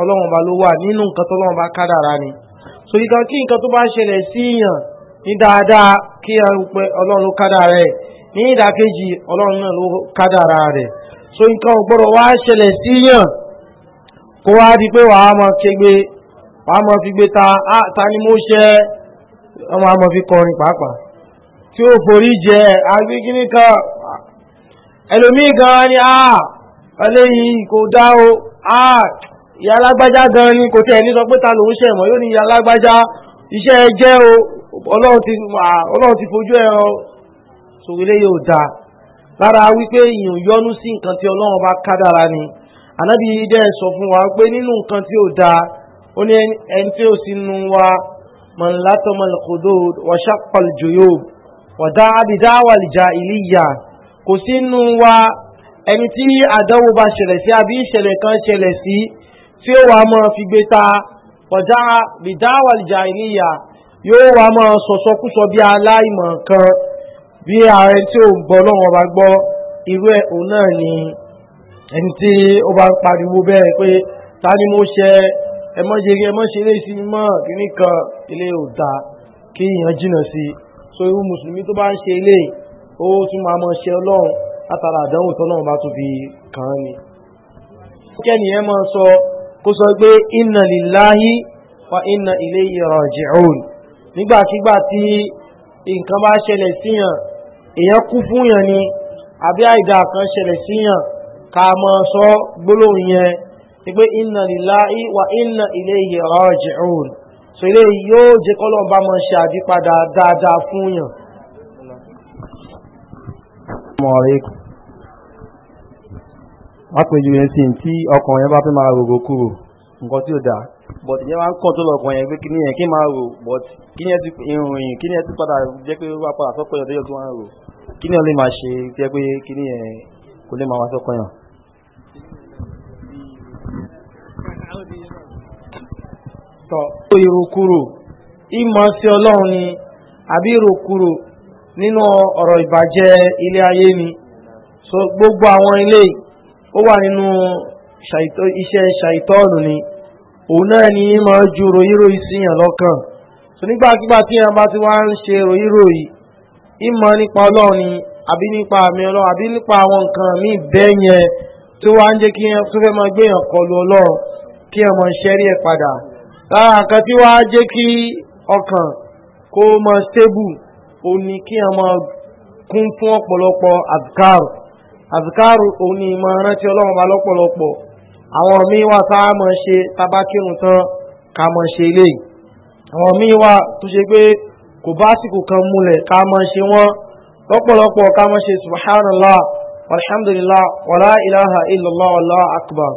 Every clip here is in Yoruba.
ọlọ́run ba ló wà nínú nǹkan tó ọlọ́run ni so ìkan kí nǹkan tó bá ṣẹlẹ̀ sí ní dáadáa kí ọlọ́run ló ní ọlọ́run náà rẹ̀ so nǹkan ò wá ṣẹlẹ̀ sí kó wá di pé wàá mọ kegbe wàá mọ fi gbé ta ta ni mo ṣe ọmọ fi kọrin pàápàá tí ó forí jẹ kan ẹlòmíì gan ni a eléyìí kò dá o ìyá alágbájá gan ni kò tẹ́ ẹni sọ pé ta lòun ṣe mọ̀ yóò ní ìyá alágbájá iṣẹ́ ẹ jẹ́ ọlọ́run ti fojú ẹ ọ sòwélé yóò dáa lára wípé ìyàn yọnu sí nǹkan tí ọlọ́run bá kádàrá ni ànábì dẹ́ sọ fún wa pé nínú nǹkan tí ó dáa ó ní ẹni tí ó sì nu wa mọ̀nlátọ́mọ̀lẹ́kọ̀dọ́ wàṣàpàlùjòyò wàdá àbídáwàlìjà ìlíyà kò sí nu wa ẹni tí àdánwò bá ṣẹlẹ̀ sí àbí ìṣẹ̀lẹ̀ kan ṣẹlẹ̀ sí tí ó wà máa fi gbé ta ọ̀já bìdáwàlìjà ìníyà yóò wà máa sọ̀sọ́kúsọ bí aláìmọ̀ kan bí ààrẹ tí ó ń bọ̀ lọ́wọ́ bá gbọ́ irú ẹ̀ òun náà ni ẹni tí ó bá ń pariwo bẹ́ẹ̀ pé ta ni mo ṣe ẹmọ́jẹrí ẹmọ́ṣeré sí mọ́ kìíní kan ilé òdà kí èèyàn jìnà sí so irú mùsùlùmí tó bá ń ṣe ilé ó tún máa mọ ṣe ọlọ́run látara àdánwò tọ́lọ́run bá tún fi kàn án ni. kẹ́ni ẹ máa sọ kó sọ pé inna lillahi wa inna ilayhi raji'un nígbàkigbà tí nǹkan bá ṣẹlẹ̀ síyàn èèyàn kú fún yàn ni àbí àìdá kan ṣẹlẹ̀ síyàn ká mọ́ sọ gbólóhùn yẹn ni pé inna lillahi Assalamu alaikum. wọ́n pè ju yẹn sí ní tí ọkàn yẹn bá fẹ́ máa rògbò kúrò nǹkan tí dáa but ìyẹn máa ń kọ́ tó lọ́kàn yẹn pé kí ni yẹn kí máa rò but kí ni yẹn ti ìròyìn kí ni yẹn ti padà jẹ́ pé padà sọ́kọ̀ yẹn tó yẹ kí rò kí ni ṣe jẹ́ pé kí ni yẹn kò lè máa wá sọ́kọ̀ yẹn. tọ́ kúrò gbogbo ó wà nínú iṣẹ́ ṣàìtọ́ọ̀nù ni òun náà ni ma ju ròyìnròyìn sí yàn lọ́kàn so nígbàkígbà tí yàn bá ti wá ń ṣe ròyìnròyìn ìmọ̀ nípa ọlọ́run ni àbí nípa àmì ọlọ́run àbí nípa àwọn nǹkan míì bẹ́ẹ̀ yẹn tó wá ń jẹ́ kí yàn tó fẹ́ máa gbé yàn kọlu ọlọ́run kí yàn máa ṣẹ́rí ẹ̀ padà lára nǹkan tí wàá jẹ́ kí ọkàn kó máa stable òun ni kí yàn máa kún fún ọ̀pọ̀lọpọ̀ àdúgbò àzikáàrù òun ni ìmọ̀ rántí ọlọ́run ọba lọ́pọ̀lọpọ̀ àwọn míì wà tá a mọ̀ ṣe tabakírun tán ká mọ̀ ṣe eléyìí àwọn míì wà tó ṣe pé kò bá àsìkò kan múlẹ̀ ká mọ̀ ṣe wọ́n lọ́pọ̀lọpọ̀ ká mọ̀ ṣe subhanallah alhamdulillah wàlá ilaha illallah wàlá akbar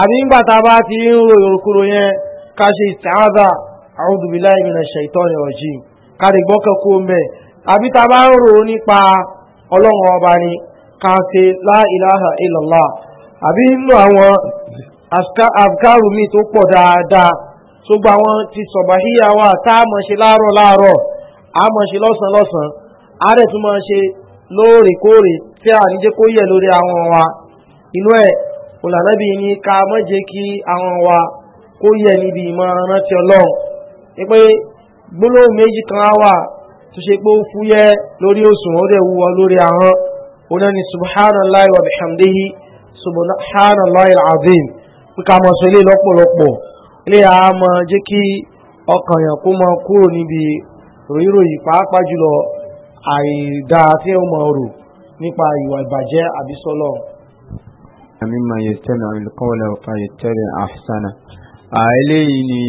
àbí ń gbàtà bá ti ń ro ìrokúrò yẹn ká ṣe ìtàádà àrùdùbílá ìmìnà ṣètọ́ ni ọ̀jì ká lè gbọ́kàn kó ń àbí ta bá ń ro nípa ọlọ́run ọba ni ká ṣe la ilaha illallah àbí nínú àwọn afkaru mi tó pọ̀ dáadáa tó gba wọn ti sọ̀bàhíyà wa tá a mọ̀ ṣe láàárọ̀ láàárọ̀ a mọ̀ ṣe lọ́sàn lọ́sàn a rẹ̀ tún mọ̀ ṣe lóòrèkóòrè tí a níjẹ́ kó yẹ lórí àwọn wa inú ẹ̀ olànàbí ni ká mọ̀ jẹ́ kí àwọn wa kó yẹ níbi ìmọ̀ rántí ọlọ́run ni pé gbólóhùn méjì kan á wà tó ṣe pé ó fúyẹ́ lórí òṣùwọ̀n ó dẹ̀ wúwo lórí ahọ́n ona ni subhanallah wa bihamdihi subhanallah alazim pé ká máa sọ ilé lọ́pọ̀lọpọ̀ ilé a máa jẹ́ kí ọkàn yàn kó máa kúrò níbi ròyìnròyìn pàápàá jùlọ àìdá tí ó máa rò nípa ìwà ìbàjẹ́ àbí àmì máa yẹ tẹ́lẹ̀ àmì kọ́wọ́lẹ̀ ọ̀fà yẹ tẹ́lẹ̀ àṣánà àìlẹ́yìn ni